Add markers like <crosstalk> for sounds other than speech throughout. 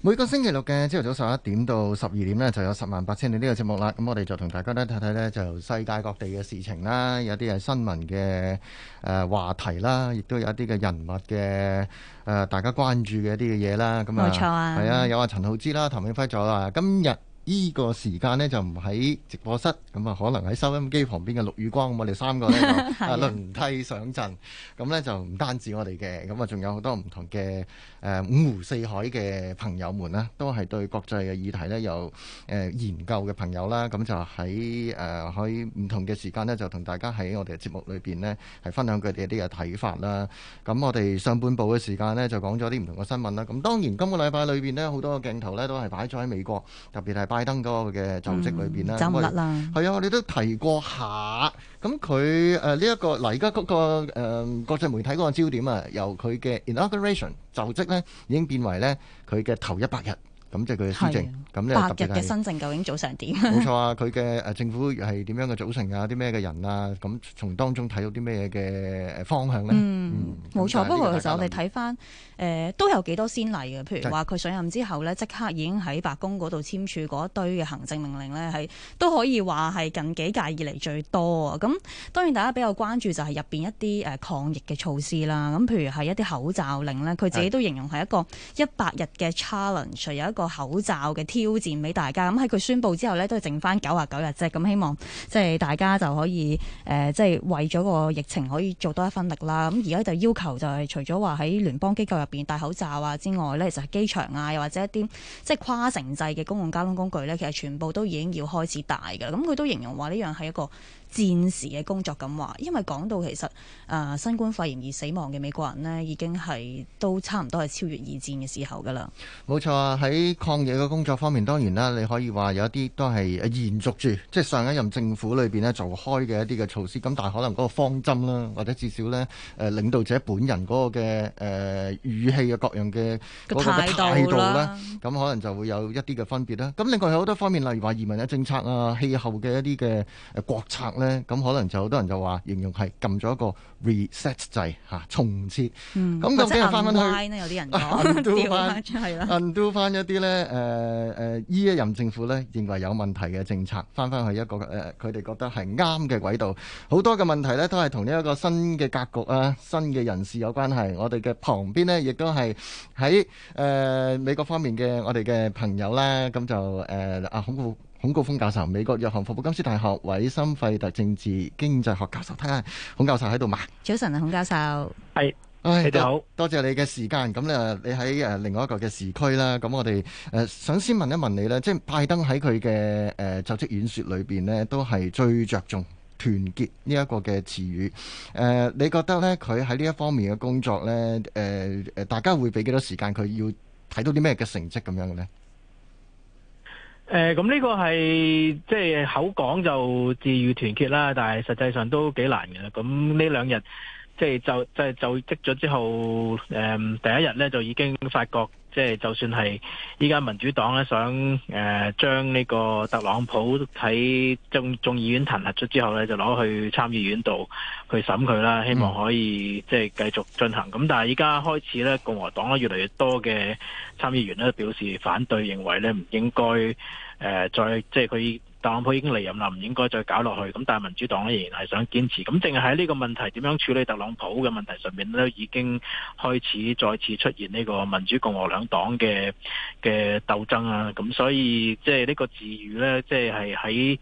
每個星期六嘅朝頭早十一點到十二點呢，就有十萬八千里呢個節目啦。咁我哋就同大家呢睇睇呢，就世界各地嘅事情啦，有啲係新聞嘅誒話題啦，亦都有一啲嘅人物嘅誒、呃、大家關注嘅一啲嘅嘢啦。咁啊，冇錯啊，係啊，啊，有啊，陳浩之啦，譚永輝咗啦，今日。依個時間呢，就唔喺直播室，咁啊可能喺收音機旁邊嘅陸宇光，我哋三個呢輪替上陣，咁呢就唔單止我哋嘅，咁啊仲有好多唔同嘅誒、呃、五湖四海嘅朋友們啦，都係對國際嘅議題呢有誒、呃、研究嘅朋友啦。咁就喺誒可以唔同嘅時間呢，就同大家喺我哋嘅節目裏邊呢，係分享佢哋一啲嘅睇法啦。咁我哋上半部嘅時間的呢，就講咗啲唔同嘅新聞啦。咁當然今個禮拜裏邊呢，好多鏡頭呢，都係擺咗喺美國，特別係。拜登哥嘅就職裏邊啦，走唔甩啦。係啊，我哋都提過下。咁佢誒呢一個，嗱而家嗰個誒、呃、國際媒體嗰個焦點啊，由佢嘅 inauguration 就職咧，已經變為咧佢嘅頭一百日，咁即係佢嘅新政。咁一、啊、百日嘅新政究竟組成點？冇 <laughs> 錯啊，佢嘅誒政府係點樣嘅組成啊？啲咩嘅人啊？咁從當中睇到啲咩嘅誒方向咧？嗯，冇、嗯、錯。不過其實我哋睇翻。誒都有幾多先例嘅，譬如話佢上任之後呢，即刻已經喺白宮嗰度簽署嗰一堆嘅行政命令呢，都可以話係近幾屆以嚟最多啊！咁當然大家比較關注就係入面一啲抗疫嘅措施啦。咁譬如係一啲口罩令呢，佢自己都形容係一個一百日嘅 challenge，有一個口罩嘅挑戰俾大家。咁喺佢宣布之後呢，都係剩翻九啊九日九十九日啫。咁希望即係大家就可以即係為咗個疫情可以做多一分力啦。咁而家就要求就係除咗話喺聯邦機構邊戴口罩啊？之外咧，其實機場啊，又或者一啲即係跨城際嘅公共交通工具咧，其實全部都已經要開始戴噶啦。咁、嗯、佢都形容話呢樣係一個戰時嘅工作咁話，因為講到其實誒、呃、新冠肺炎而死亡嘅美國人咧，已經係都差唔多係超越二戰嘅時候噶啦。冇錯啊！喺抗疫嘅工作方面，當然啦，你可以話有一啲都係延續住，即、就、係、是、上一任政府裏邊咧做開嘅一啲嘅措施。咁但係可能嗰個方針啦，或者至少咧誒、呃、領導者本人嗰個嘅誒、呃語氣嘅各樣嘅個的態度咧，咁可能就會有一啲嘅分別啦。咁另外有好多方面，例如話移民嘅政策啊、氣候嘅一啲嘅國策呢，咁可能就好多人就話形容係撳咗一個 reset 掣嚇、啊、重設。咁、嗯、就俾翻翻去有人，undo 翻一啲呢誒誒，依一任政府呢，認為有問題嘅政策，翻翻去一個誒，佢、呃、哋覺得係啱嘅軌道。好多嘅問題呢，都係同呢一個新嘅格局啊、新嘅人士有關係。我哋嘅旁邊呢。亦都係喺誒美國方面嘅我哋嘅朋友啦，咁就誒阿孔孔誥烽教授，美國約翰霍普金斯大學韋森費特，政治，經濟學教授，睇下孔教授喺度嘛？早晨啊，孔教授，係，你好，多謝你嘅時間。咁咧，你喺誒另外一個嘅時區啦。咁我哋誒想先問一問你咧，即係拜登喺佢嘅誒就職演說裏邊咧，都係最着重。團結呢一個嘅詞語，誒、呃，你覺得呢佢喺呢一方面嘅工作呢誒誒、呃，大家會俾幾多時間佢要睇到啲咩嘅成績咁樣嘅咧？誒、呃，咁呢個係即係口講就自遇團結啦，但係實際上都幾難嘅。咁呢兩日即係就即係就職咗之後，誒、呃，第一日呢就已經發覺。即係就算係依家民主黨咧，想誒、呃、將呢個特朗普喺眾眾議院彈劾咗之後咧，就攞去參議院度去審佢啦，希望可以即係繼續進行。咁但係依家開始咧，共和黨咧越嚟越多嘅參議員咧表示反對，認為咧唔應該誒、呃、再即係佢。特朗普已經離任啦，唔應該再搞落去。咁但係民主黨依然係想堅持。咁淨係喺呢個問題點樣處理特朗普嘅問題上面咧，已經開始再次出現呢個民主共和兩黨嘅嘅鬥爭啊。咁所以即係呢個治癒呢，即係喺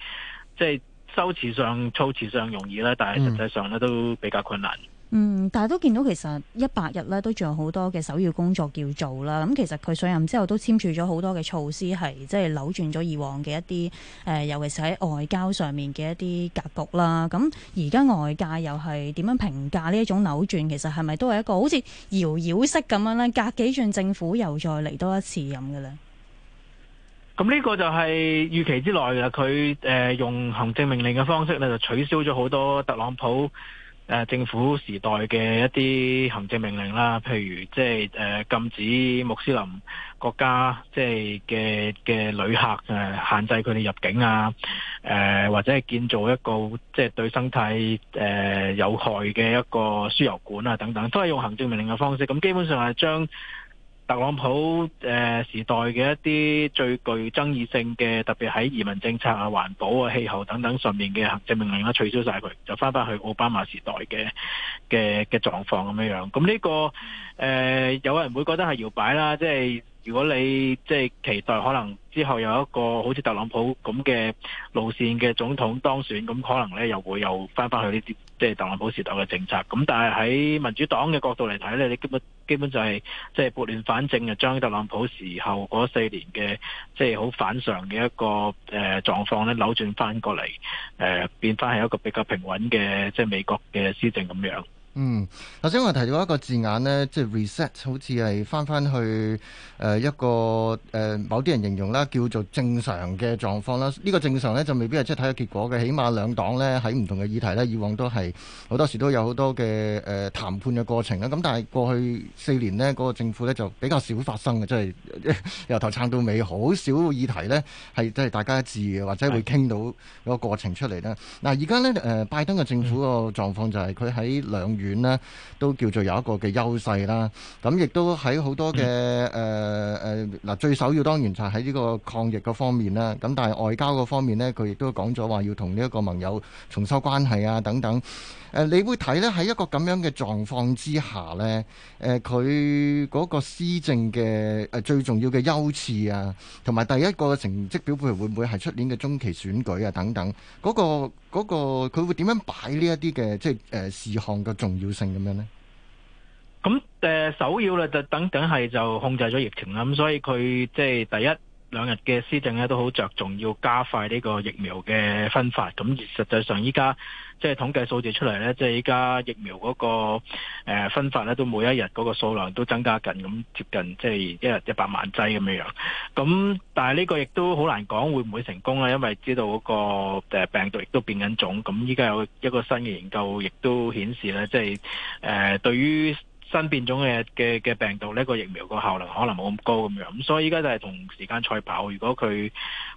即係修辭上措辭上容易啦，但係實際上咧都比較困難。嗯嗯，但係都見到其實一百日咧都仲有好多嘅首要工作要做啦。咁其實佢上任之後都簽署咗好多嘅措施是，係即係扭轉咗以往嘅一啲誒、呃，尤其是喺外交上面嘅一啲格局啦。咁而家外界又係點樣評價呢一種扭轉？其實係咪都係一個好似搖搖式咁樣呢？隔幾轉政府又再嚟多一次咁嘅呢？咁呢、嗯，這個就係預期之內佢、呃、用行政命令嘅方式咧，就取消咗好多特朗普。誒政府時代嘅一啲行政命令啦，譬如即係誒禁止穆斯林國家即係嘅嘅旅客誒限制佢哋入境啊，誒或者係建造一個即係對生態誒有害嘅一個輸油管啊等等，都係用行政命令嘅方式，咁基本上係將特朗普誒時代嘅一啲最具爭議性嘅，特別喺移民政策啊、環保啊、氣候等等上面嘅行政命令，啊，取消晒佢，就返返去奧巴馬時代嘅嘅嘅狀況咁樣樣。咁呢、這個誒、呃，有人會覺得係搖擺啦，即係。如果你即係期待可能之後有一個好似特朗普咁嘅路線嘅總統當選，咁可能咧又會又翻返去呢啲即係特朗普時代嘅政策。咁但係喺民主黨嘅角度嚟睇咧，你基本基本就係即係撥亂反正，啊將特朗普時候嗰四年嘅即係好反常嘅一個誒狀況咧扭轉翻過嚟，誒、呃、變翻係一個比較平穩嘅即係美國嘅施政咁樣。嗯，頭先我提到一個字眼呢，即係、就是、reset，好似係返返去、呃、一個、呃、某啲人形容啦，叫做正常嘅狀況啦。呢、這個正常呢，就未必係即係睇下結果嘅，起碼兩黨呢，喺唔同嘅議題呢，以往都係好多時都有好多嘅誒、呃、談判嘅過程啦。咁但係過去四年呢，嗰、那個政府呢，就比較少發生嘅，即、就、係、是、由頭撐到尾，好少議題呢，係即係大家一致嘅，或者會傾到那個過程出嚟咧。嗱而家呢、呃，拜登嘅政府個狀況就係佢喺兩月。遠啦，都叫做有一個嘅優勢啦。咁亦都喺好多嘅誒誒，嗱、嗯呃，最首要當然就係喺呢個抗疫嘅方面啦。咁但係外交嘅方面咧，佢亦都講咗話要同呢一個盟友重修關係啊，等等。誒，你會睇咧喺一個咁樣嘅狀況之下咧，誒、呃，佢嗰個施政嘅誒、呃、最重要嘅優次啊，同埋第一個成績表盤會唔會係出年嘅中期選舉啊，等等嗰、那個。嗰、那個佢會點樣擺呢一啲嘅即係誒、呃、事項嘅重要性咁樣咧？咁誒、呃、首要咧就等等係就控制咗疫情啦，咁所以佢即係第一。兩日嘅施政咧都好着重要加快呢個疫苗嘅分發，咁而實際上依家即係統計數字出嚟呢，即係依家疫苗嗰個分發呢，都每一日嗰個數量都增加緊，咁接近即係一日一百萬劑咁樣。咁但係呢個亦都好難講會唔會成功啦，因為知道嗰個病毒亦都變緊種。咁依家有一個新嘅研究亦都顯示咧，即係誒對於。新變種嘅嘅嘅病毒，呢個疫苗個效能可能冇咁高咁樣，咁所以依家就係同時間賽跑，如果佢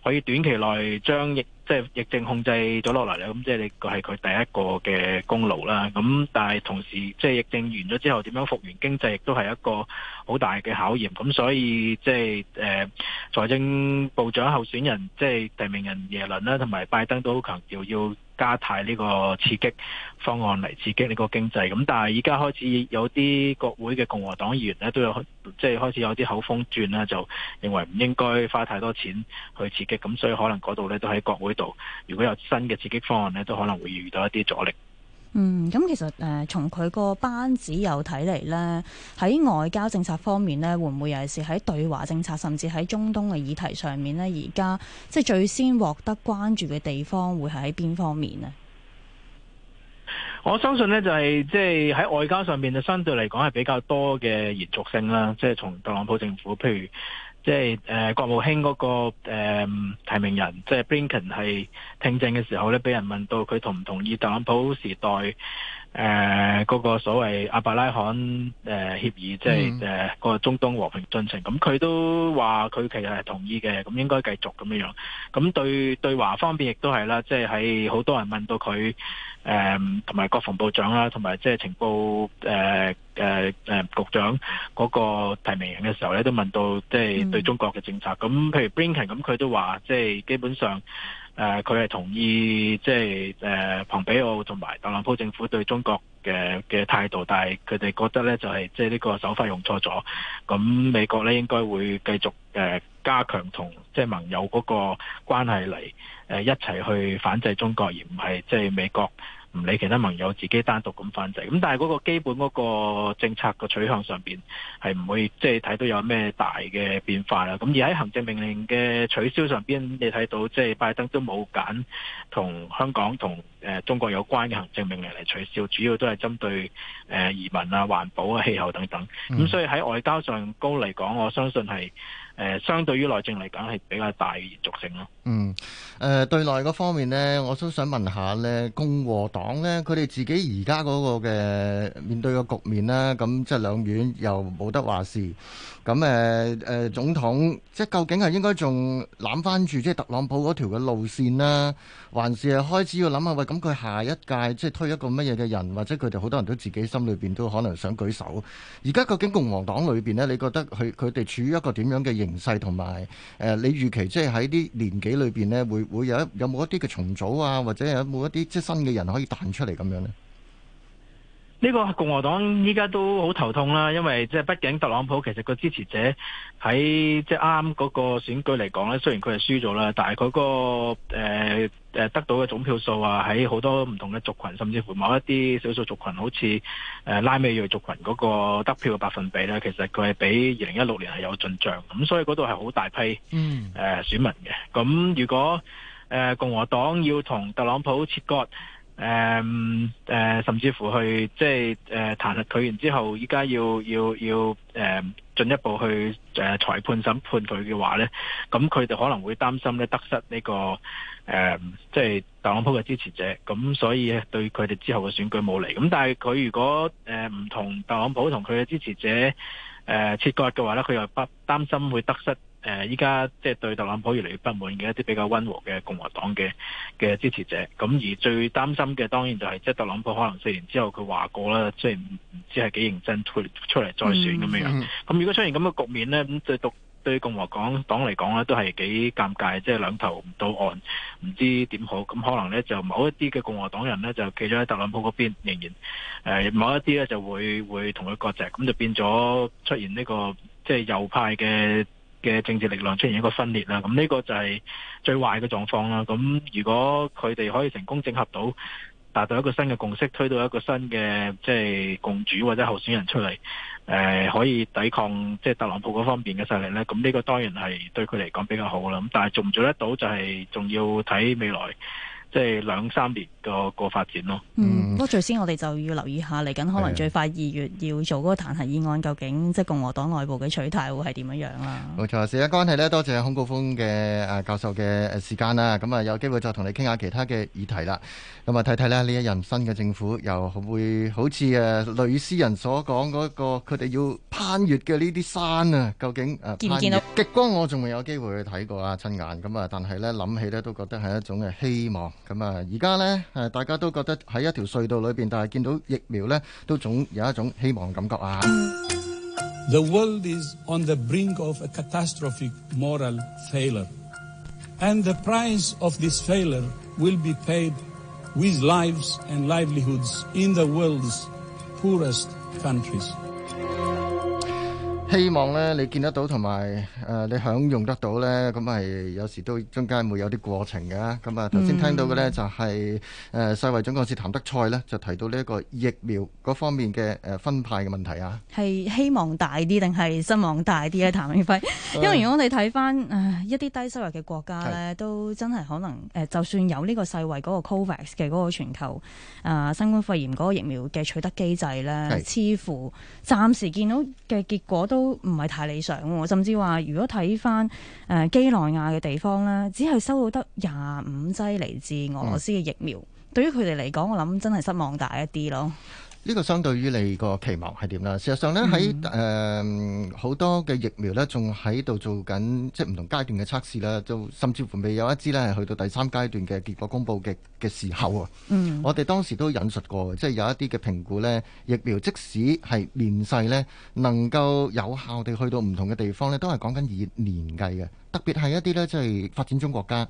可以短期內將疫。即係疫症控制咗落嚟，咁即係你係佢第一個嘅功勞啦。咁但係同時，即係疫症完咗之後，點樣復原經濟亦都係一個好大嘅考驗。咁所以即係誒財政部長候選人即係提名人耶倫啦，同埋拜登都好強調要，要加太呢個刺激方案嚟刺激呢個經濟。咁但係而家開始有啲國會嘅共和黨議員咧，都有即係開始有啲口風轉啦，就認為唔應該花太多錢去刺激。咁所以可能嗰度咧都喺國會。如果有新嘅刺激方案呢，都可能會遇到一啲阻力。嗯，咁其實誒，從佢個班子有睇嚟呢，喺外交政策方面呢，會唔會尤其是喺對華政策，甚至喺中東嘅議題上面呢？而家即係最先獲得關注嘅地方，會係喺邊方面呢？我相信呢，就係即係喺外交上面，就相對嚟講係比較多嘅延續性啦。即係從特朗普政府，譬如。即係誒、呃、國務卿嗰、那個、呃、提名人，即係 Blinken 係聽證嘅時候咧，俾人問到佢同唔同意特朗普時代。誒，嗰、呃那個所謂阿伯拉罕誒協、呃、議，即係誒個中東和平進程，咁佢都話佢其實係同意嘅，咁應該繼續咁樣樣。咁對對華方面亦都係啦，即係喺好多人問到佢誒同埋國防部長啦，同埋即係情報誒誒誒局長嗰個提名人嘅時候咧，都問到即係、就是、對中國嘅政策。咁、mm. 譬如 Blinken 咁，佢都話即係基本上。誒佢係同意即係誒、呃、蓬佩奧同埋特朗普政府對中國嘅嘅態度，但係佢哋覺得呢，就係、是、即係呢個手法用錯咗，咁美國呢應該會繼續誒、呃、加強同即係盟友嗰個關係嚟誒、呃、一齊去反制中國，而唔係即係美國。唔理其他盟友自己單獨咁反制，咁但係嗰個基本嗰個政策個取向上邊係唔會即係睇到有咩大嘅變化啦。咁而喺行政命令嘅取消上邊，你睇到即係拜登都冇揀同香港同誒中國有關嘅行政命令嚟取消，主要都係針對誒移民啊、環保啊、氣候等等。咁所以喺外交上高嚟講，我相信係誒相對於內政嚟講係比較大嘅延續性咯。嗯，誒、呃、對內個方面呢，我都想問一下呢共和黨呢，佢哋自己而家嗰個嘅面對個局面啦。咁即係兩院又冇得話事，咁誒誒總統即係究竟係應該仲攬翻住即係特朗普嗰條嘅路線啦，還是係開始要諗下為？咁佢下一屆即係推一個乜嘢嘅人，或者佢哋好多人都自己心裏面都可能想舉手。而家究竟共和黨裏面呢，你覺得佢佢哋處於一個點樣嘅形勢，同埋誒你預期即係喺啲年紀裏面呢，會會有有冇一啲嘅重組啊，或者有冇一啲即係新嘅人可以彈出嚟咁樣呢？呢個共和黨依家都好頭痛啦，因為即係畢竟特朗普其實個支持者喺即係啱嗰個選舉嚟講咧，雖然佢係輸咗啦，但係嗰、那個嗰個誒、呃、得到嘅總票數啊，喺好多唔同嘅族群，甚至乎某一啲少數族群，好似拉美裔族群嗰個得票嘅百分比咧，其實佢係比二零一六年係有進帳，咁所以嗰度係好大批誒、呃、選民嘅。咁如果誒、呃、共和黨要同特朗普切割，誒誒、嗯呃，甚至乎去即係誒，彈、呃、劾佢然之後，依家要要要誒、呃，進一步去誒、呃、裁判審判佢嘅話咧，咁佢哋可能會擔心咧得失呢、這個誒、呃，即係特朗普嘅支持者，咁所以對佢哋之後嘅選舉冇嚟。咁但係佢如果誒唔同特朗普同佢嘅支持者誒、呃、切割嘅話咧，佢又不擔心會得失。誒，依家即係對特朗普越嚟越不滿嘅一啲比較溫和嘅共和黨嘅嘅支持者，咁而最擔心嘅當然就係、是，即係特朗普可能四年之後佢話過啦，即係唔唔知係幾認真出嚟再選咁樣樣。咁、嗯嗯嗯、如果出現咁嘅局面呢，咁對獨對，對共和黨黨嚟講呢都係幾尷尬，即、就、係、是、兩頭唔到岸，唔知點好。咁可能呢，就某一啲嘅共和黨人呢，就企咗喺特朗普嗰邊，仍然誒、呃，某一啲呢就會會同佢割席，咁就變咗出現呢、這個即係右派嘅。嘅政治力量出現一個分裂啦，咁呢個就係最壞嘅狀況啦。咁如果佢哋可以成功整合到，達到一個新嘅共識，推到一個新嘅即係共主或者候選人出嚟，誒、呃、可以抵抗即係特朗普嗰方面嘅勢力呢，咁呢個當然係對佢嚟講比較好啦。咁但係做唔做得到就係仲要睇未來。即係兩三年個個發展咯。嗯，不過最先我哋就要留意一下嚟緊，可能最快二月要做嗰個彈劾議案，是的 究竟即係共和黨內部嘅取態會係點樣樣啊？冇錯，時間關係咧，多謝孔誥烽嘅誒、啊、教授嘅時間啦。咁啊，有機會再同你傾下其他嘅議題啦。咁啊，睇睇咧呢一任新嘅政府又會好似誒女詩人所講嗰個，佢哋要攀越嘅呢啲山啊，究竟誒？啊、見唔見到極光？我仲未有機會去睇過啊，親眼。咁啊，但係呢，諗起呢，都覺得係一種嘅希望。咁啊，而家咧，誒大家都覺得喺一條隧道裏邊，但係見到疫苗咧，都總有一種希望嘅感覺啊！The world is on the brink of a catastrophic moral failure, and the price of this failure will be paid with lives and livelihoods in the world's poorest countries. 希望咧，你見得到同埋誒你享用得到咧，咁係有時都中間會有啲過程嘅。咁啊，頭先聽到嘅咧就係誒世衛總幹事譚德塞咧，就提到呢一個疫苗嗰方面嘅誒分派嘅問題啊。係希望大啲定係失望大啲咧？譚永輝，因為如果你睇翻，誒一啲低收入嘅國家咧，是都真係可能誒就算有呢個世衛個 COVAX 嘅個全球誒新冠肺炎個疫苗嘅取得機制咧，是似乎暫時見到嘅結果都。都唔係太理想，甚至話如果睇翻誒幾內亞嘅地方咧，只係收到得廿五劑嚟自俄羅斯嘅疫苗，嗯、對於佢哋嚟講，我諗真係失望大一啲咯。呢個相對於你個期望係點啦？事實上呢，喺誒好多嘅疫苗呢，仲喺度做緊即係唔同階段嘅測試啦，就甚至乎未有一支呢，係去到第三階段嘅結果公佈嘅嘅時候啊。嗯，我哋當時都引述過，即係有一啲嘅評估呢，疫苗即使係面世呢，能夠有效地去到唔同嘅地方呢，都係講緊以年計嘅。特別係一啲咧，即係發展中國家，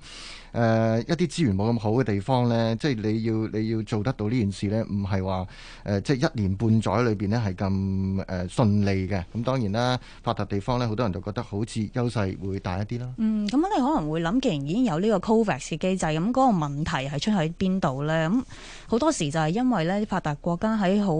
誒一啲資源冇咁好嘅地方咧，即係你要你要做得到呢件事咧，唔係話誒即係一年半載裏邊咧係咁誒順利嘅。咁當然啦，發達地方咧，好多人就覺得好似優勢會大一啲啦。嗯，咁你可能會諗，既然已經有呢個 COVAX 機制，咁嗰個問題係出喺邊度呢？咁好多時就係因為咧，發達國家喺好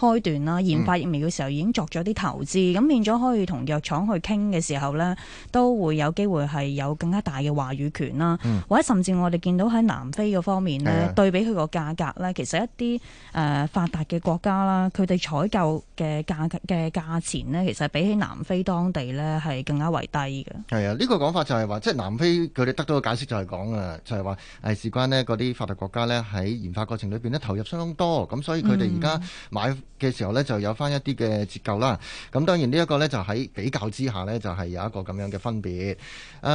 開端啦、研發疫苗嘅時候已經作咗啲投資，咁、嗯、變咗可以同藥廠去傾嘅時候呢，都會有。機會係有更加大嘅話語權啦，嗯、或者甚至我哋見到喺南非嗰方面呢，的對比佢個價格呢，其實一啲誒、呃、發達嘅國家啦，佢哋採購嘅價嘅價錢呢，其實比起南非當地呢係更加為低嘅。係啊，呢、呢個講法就係話，即係南非佢哋得到嘅解釋就係講啊，就係話誒，事關呢嗰啲發達國家呢，喺研發過程裏邊呢投入相當多，咁所以佢哋而家買嘅時候呢就有翻一啲嘅折扣啦。咁、嗯、當然呢一個呢，就喺比較之下呢，就係有一個咁樣嘅分別。誒，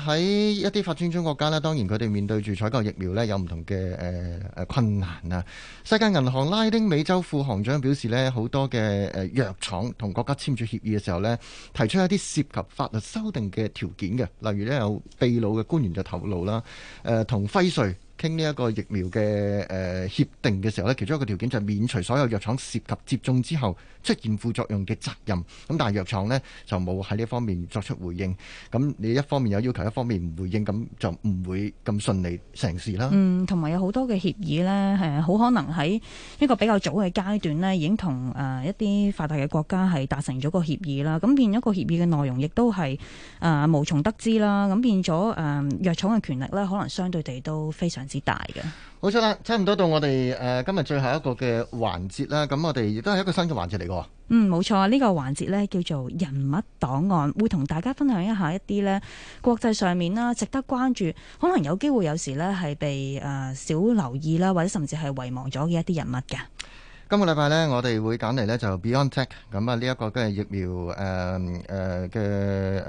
喺、呃、一啲發展中國家咧，當然佢哋面對住採購疫苗咧，有唔同嘅誒誒困難啊。世界銀行拉丁美洲副行長表示咧，好多嘅誒藥廠同國家簽署協議嘅時候咧，提出一啲涉及法律修訂嘅條件嘅，例如咧有秘魯嘅官員就透露啦，誒同輝瑞。傾呢一個疫苗嘅誒協定嘅時候呢，其中一個條件就係免除所有藥廠涉及接種之後出現副作用嘅責任。咁但係藥廠呢，就冇喺呢方面作出回應。咁你一方面有要求，一方面唔回應，咁就唔會咁順利成事啦。嗯，同埋有好多嘅協議呢，誒、呃、好可能喺一個比較早嘅階段呢，已經同誒、呃、一啲發達嘅國家係達成咗個協議啦。咁變咗個協議嘅內容也是，亦都係誒無從得知啦。咁變咗誒藥廠嘅權力呢，可能相對地都非常之大嘅。好咁啦，差唔多到我哋今日最後一個嘅環節啦，咁我哋亦都係一個新嘅環節嚟嘅。嗯，冇錯，這個、環節呢個環節呢叫做人物檔案，會同大家分享一下一啲呢國際上面啦，值得關注，可能有機會有時呢係被誒、呃、少留意啦，或者甚至係遺忘咗嘅一啲人物嘅。今 Tech, 個禮拜咧，我哋會揀嚟咧就 BioNTech，咁啊呢一個嘅疫苗誒誒嘅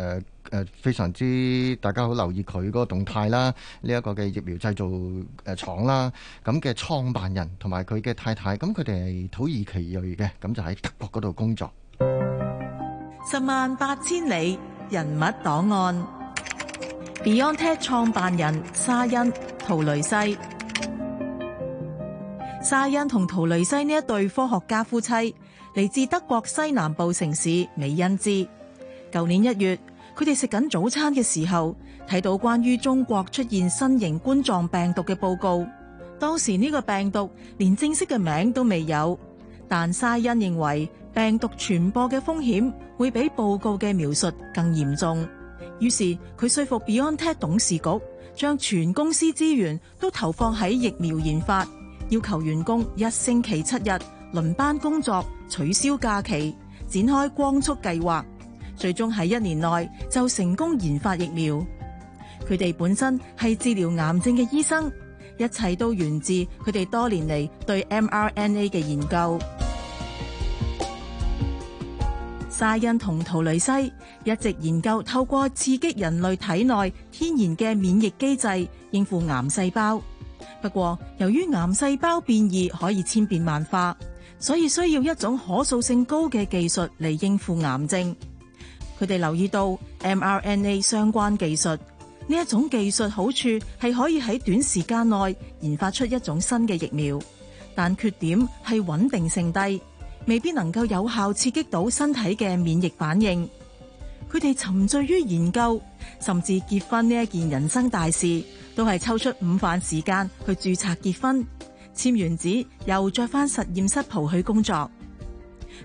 誒誒非常之大家好留意佢嗰個動態啦，呢、這、一個嘅疫苗製造誒廠啦，咁嘅創辦人同埋佢嘅太太，咁佢哋係土耳其裔嘅，咁就喺德國嗰度工作。十萬八千里人物檔案，BioNTech 創辦人沙欣·圖雷西。沙欣同圖雷西呢一對科學家夫妻嚟自德國西南部城市美因茲。舊年一月，佢哋食緊早餐嘅時候睇到關於中國出現新型冠狀病毒嘅報告。當時呢個病毒連正式嘅名都未有，但沙欣認為病毒傳播嘅風險會比報告嘅描述更嚴重，於是佢說服 BioNTech 董事局將全公司資源都投放喺疫苗研發。要求員工一星期七日輪班工作，取消假期，展開光速計劃，最終喺一年內就成功研發疫苗。佢哋本身係治療癌症嘅醫生，一切都源自佢哋多年嚟對 mRNA 嘅研究。沙欣同圖雷西一直研究透過刺激人類體內天然嘅免疫機制應付癌細胞。不過，由於癌細胞變異可以千變萬化，所以需要一種可塑性高嘅技術嚟應付癌症。佢哋留意到 mRNA 相關技術，呢一種技術好處係可以喺短時間內研發出一種新嘅疫苗，但缺點係穩定性低，未必能夠有效刺激到身體嘅免疫反應。佢哋沉醉於研究，甚至結婚呢一件人生大事。都係抽出午飯時間去注冊結婚，簽完紙又再返實驗室袍去工作。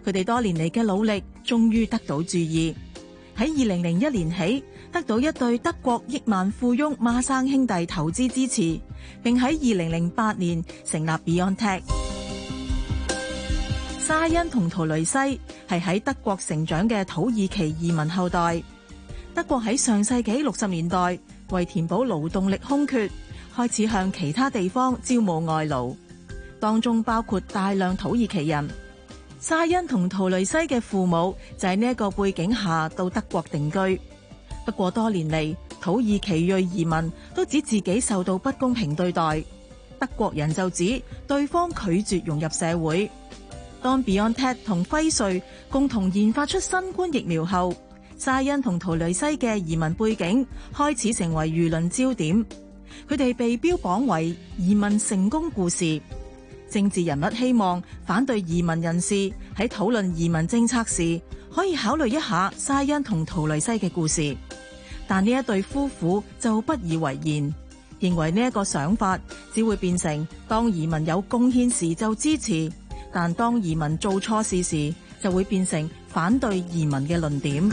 佢哋多年嚟嘅努力終於得到注意。喺二零零一年起，得到一對德國億萬富翁孖生兄弟投資支持，並喺二零零八年成立 BioNTech。沙欣同圖雷西係喺德國成長嘅土耳其移民後代。德國喺上世紀六十年代。為填補勞動力空缺，開始向其他地方招募外勞，當中包括大量土耳其人。沙欣同圖雷西嘅父母就喺呢個背景下到德國定居。不過多年嚟，土耳其裔移民都指自己受到不公平對待，德國人就指對方拒絕融入社會。當 BioNTech 同輝瑞共同研發出新冠疫苗後，沙欣同圖雷西嘅移民背景開始成為輿論焦點，佢哋被標榜為移民成功故事。政治人物希望反對移民人士喺討論移民政策時可以考慮一下沙欣同圖雷西嘅故事，但呢一對夫婦就不以為然，認為呢一個想法只會變成當移民有貢獻時就支持，但當移民做錯事時就會變成反對移民嘅論點。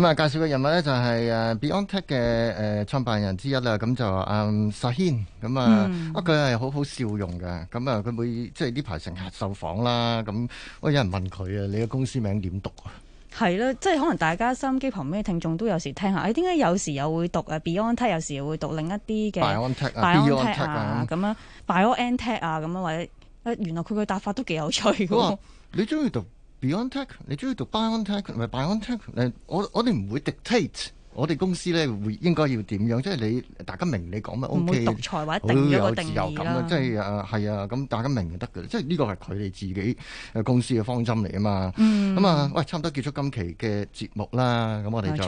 咁啊，介紹嘅人物咧就係 BioNTech 嘅誒創辦人之一啦。咁就啊、ah，沙欣咁啊，啊佢係好好笑容嘅。咁啊，佢每即係呢排成日受訪啦。咁，我有人問佢啊，你嘅公司名點讀啊？係啦，即係可能大家收音機旁邊嘅聽眾都有時聽下，誒點解有時又會讀誒 BioNTech，有時又會讀另一啲嘅、啊啊、BioNTech 啊，咁樣 BioNTech 啊，咁樣或者原來佢嘅答法都幾有趣嘅、哦。你中意讀？BioNTech，你中意讀 BioNTech 唔係 BioNTech？誒，我我哋唔會 dictate 我哋公司咧會應該要點樣？即係你大家明你講乜？OK，唔會獨裁或者定咗定義啦。好有自由感，即係誒係啊，咁大家明就得㗎。即係呢個係佢哋自己誒公司嘅方針嚟啊嘛。咁啊、嗯，喂，差唔多結束今期嘅節目啦。咁我哋就。